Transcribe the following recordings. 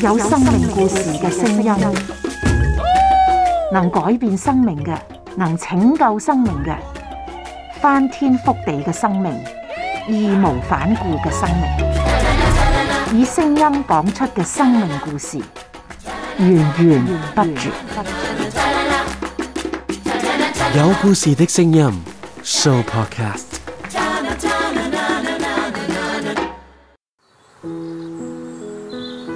有生命故事嘅聲音，能改變生命嘅，能拯救生命嘅，翻天覆地嘅生命，義無反顧嘅生命，以聲音講出嘅生命故事，源源不絕。有故事嘅聲音，Show Podcast。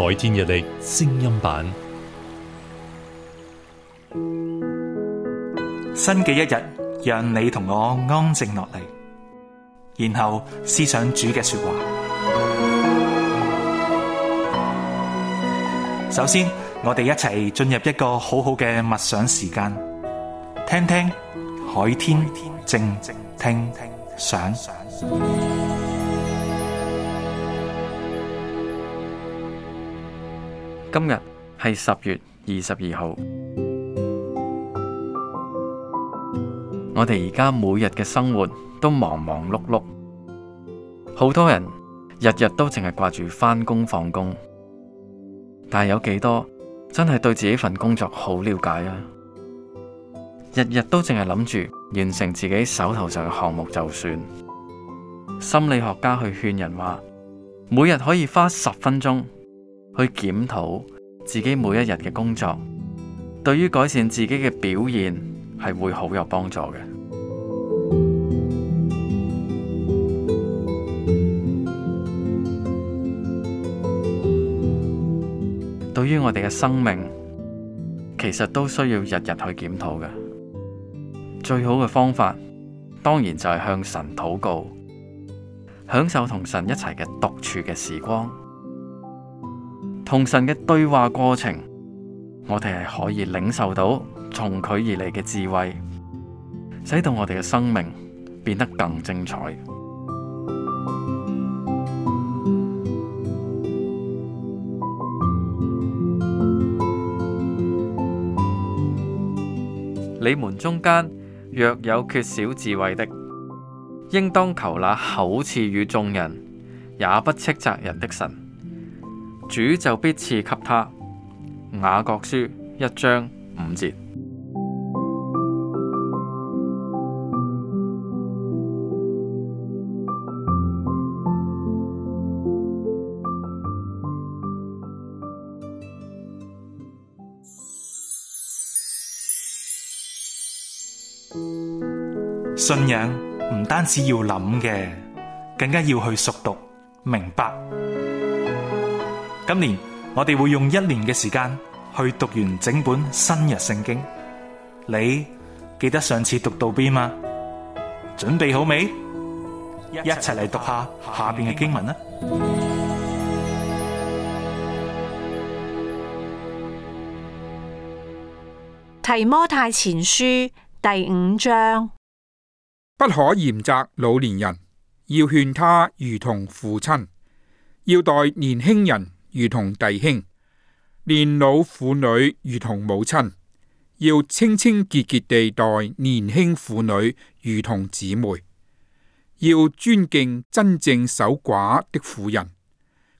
海天日曆聲音版，新嘅一日，讓你同我安靜落嚟，然後思想主嘅說話。首先，我哋一齊進入一個好好嘅默想時間，聽聽海天，靜靜聽聽想。今日係十月二十二號。我哋而家每日嘅生活都忙忙碌碌，碌，好多人日日都淨係掛住返工放工，但係有幾多真係對自己份工作好了解啊？日日都淨係諗住完成自己手頭上嘅項目就算。心理學家去勸人話，每日可以花十分鐘。去檢討自己每一日嘅工作，對於改善自己嘅表現係會好有幫助嘅。對於我哋嘅生命，其實都需要日日去檢討嘅。最好嘅方法，當然就係向神禱告，享受同神一齊嘅獨處嘅時光。同神嘅對話過程，我哋係可以領受到從佢而嚟嘅智慧，使到我哋嘅生命變得更精彩。你們中間若有缺少智慧的，應當求那厚賜與眾人，也不斥責人的神。主就必賜給他，雅各書一章五節。信仰唔單止要諗嘅，更加要去熟讀明白。今年我哋會用一年嘅時間去讀完整本新約聖經。你記得上次讀到邊嗎？準備好未？一齊嚟讀下下邊嘅經文啦。提摩太前書第五章，五章，不可嚴責老年人，要勸他如同父親；要待年輕人，如同弟兄，年老婦女如同母親，要清清潔潔地待年輕婦女如同姊妹，要尊敬真正守寡的婦人。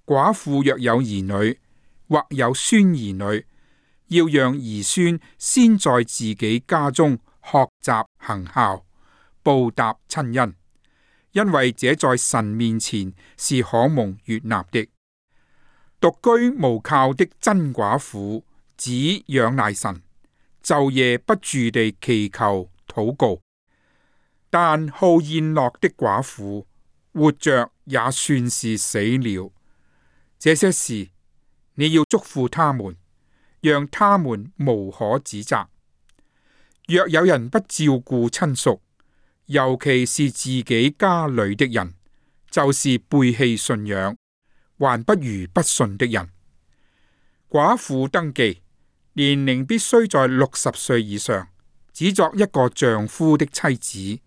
寡婦若有兒女或有孫兒女，要讓兒孫先在自己家中學習行孝，報答親恩，因為這在神面前是可蒙悅納的。獨居無靠的真寡婦只仰賴神，晝夜不住地祈求禱告。但好宴樂的寡婦活着也算是死了。這些事你要囑咐他們，讓他們無可指責。若有人不照顧親屬，尤其是自己家裏的人，就是背棄信仰。還不如不信的人。寡婦登記，年齡必須在六十歲以上，只作一個丈夫的妻子，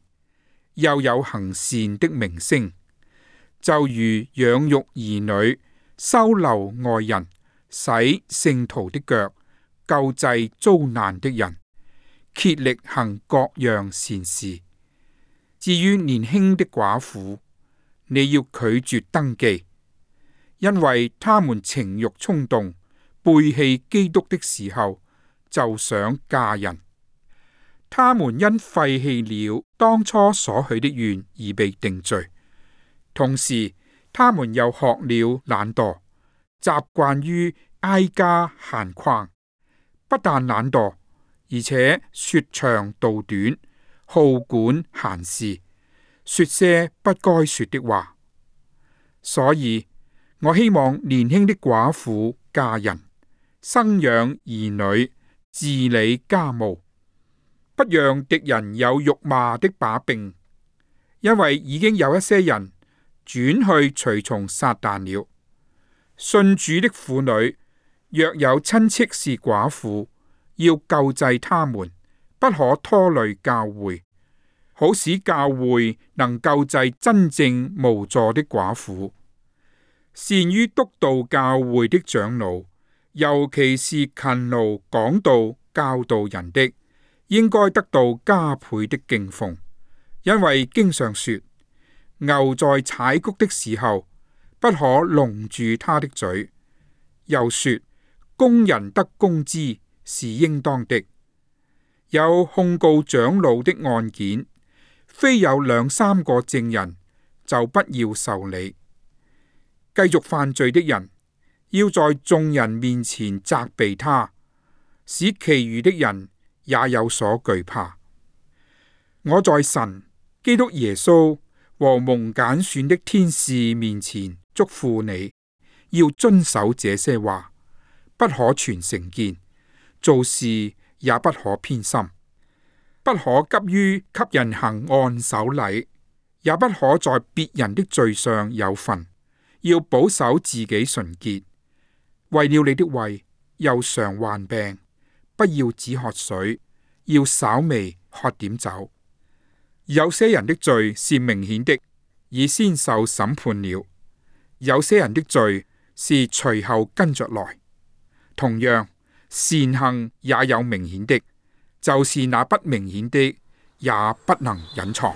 又有行善的名聲，就如養育兒女、收留外人、洗聖徒的腳、救濟遭難的人，竭力行各樣善事。至於年輕的寡婦，你要拒絕登記。因為他們情欲衝動，背棄基督的時候就想嫁人，他們因廢棄了當初所許的願而被定罪，同時他們又學了懶惰，習慣於挨家閒逛，不但懶惰，而且說長道短，好管閒事，說些不該說的話，所以。我希望年輕的寡婦嫁人、生養兒女、治理家務，不讓敵人有辱罵的把柄。因為已經有一些人轉去隨從撒旦了。信主的婦女，若有親戚是寡婦，要救濟他們，不可拖累教會，好使教會能救濟真正無助的寡婦。善於督導教會的長老，尤其是勤勞講道教導人的，應該得到加倍的敬奉，因為經常說：牛在踩穀的時候，不可籠住它的嘴；又說：工人得工資是應當的。有控告長老的案件，非有兩三個證人，就不要受理。繼續犯罪的人，要在眾人面前責備他，使其餘的人也有所懼怕。我在神、基督耶穌和蒙揀選的天使面前囑咐你，要遵守這些話，不可存成見，做事也不可偏心，不可急於給人行按手禮，也不可在別人的罪上有份。要保守自己純潔，為了你的胃又常患病，不要只喝水，要稍微喝點酒。有些人的罪是明顯的，已先受審判了；有些人的罪是隨後跟着來。同樣，善行也有明顯的，就是那不明顯的，也不能隱藏。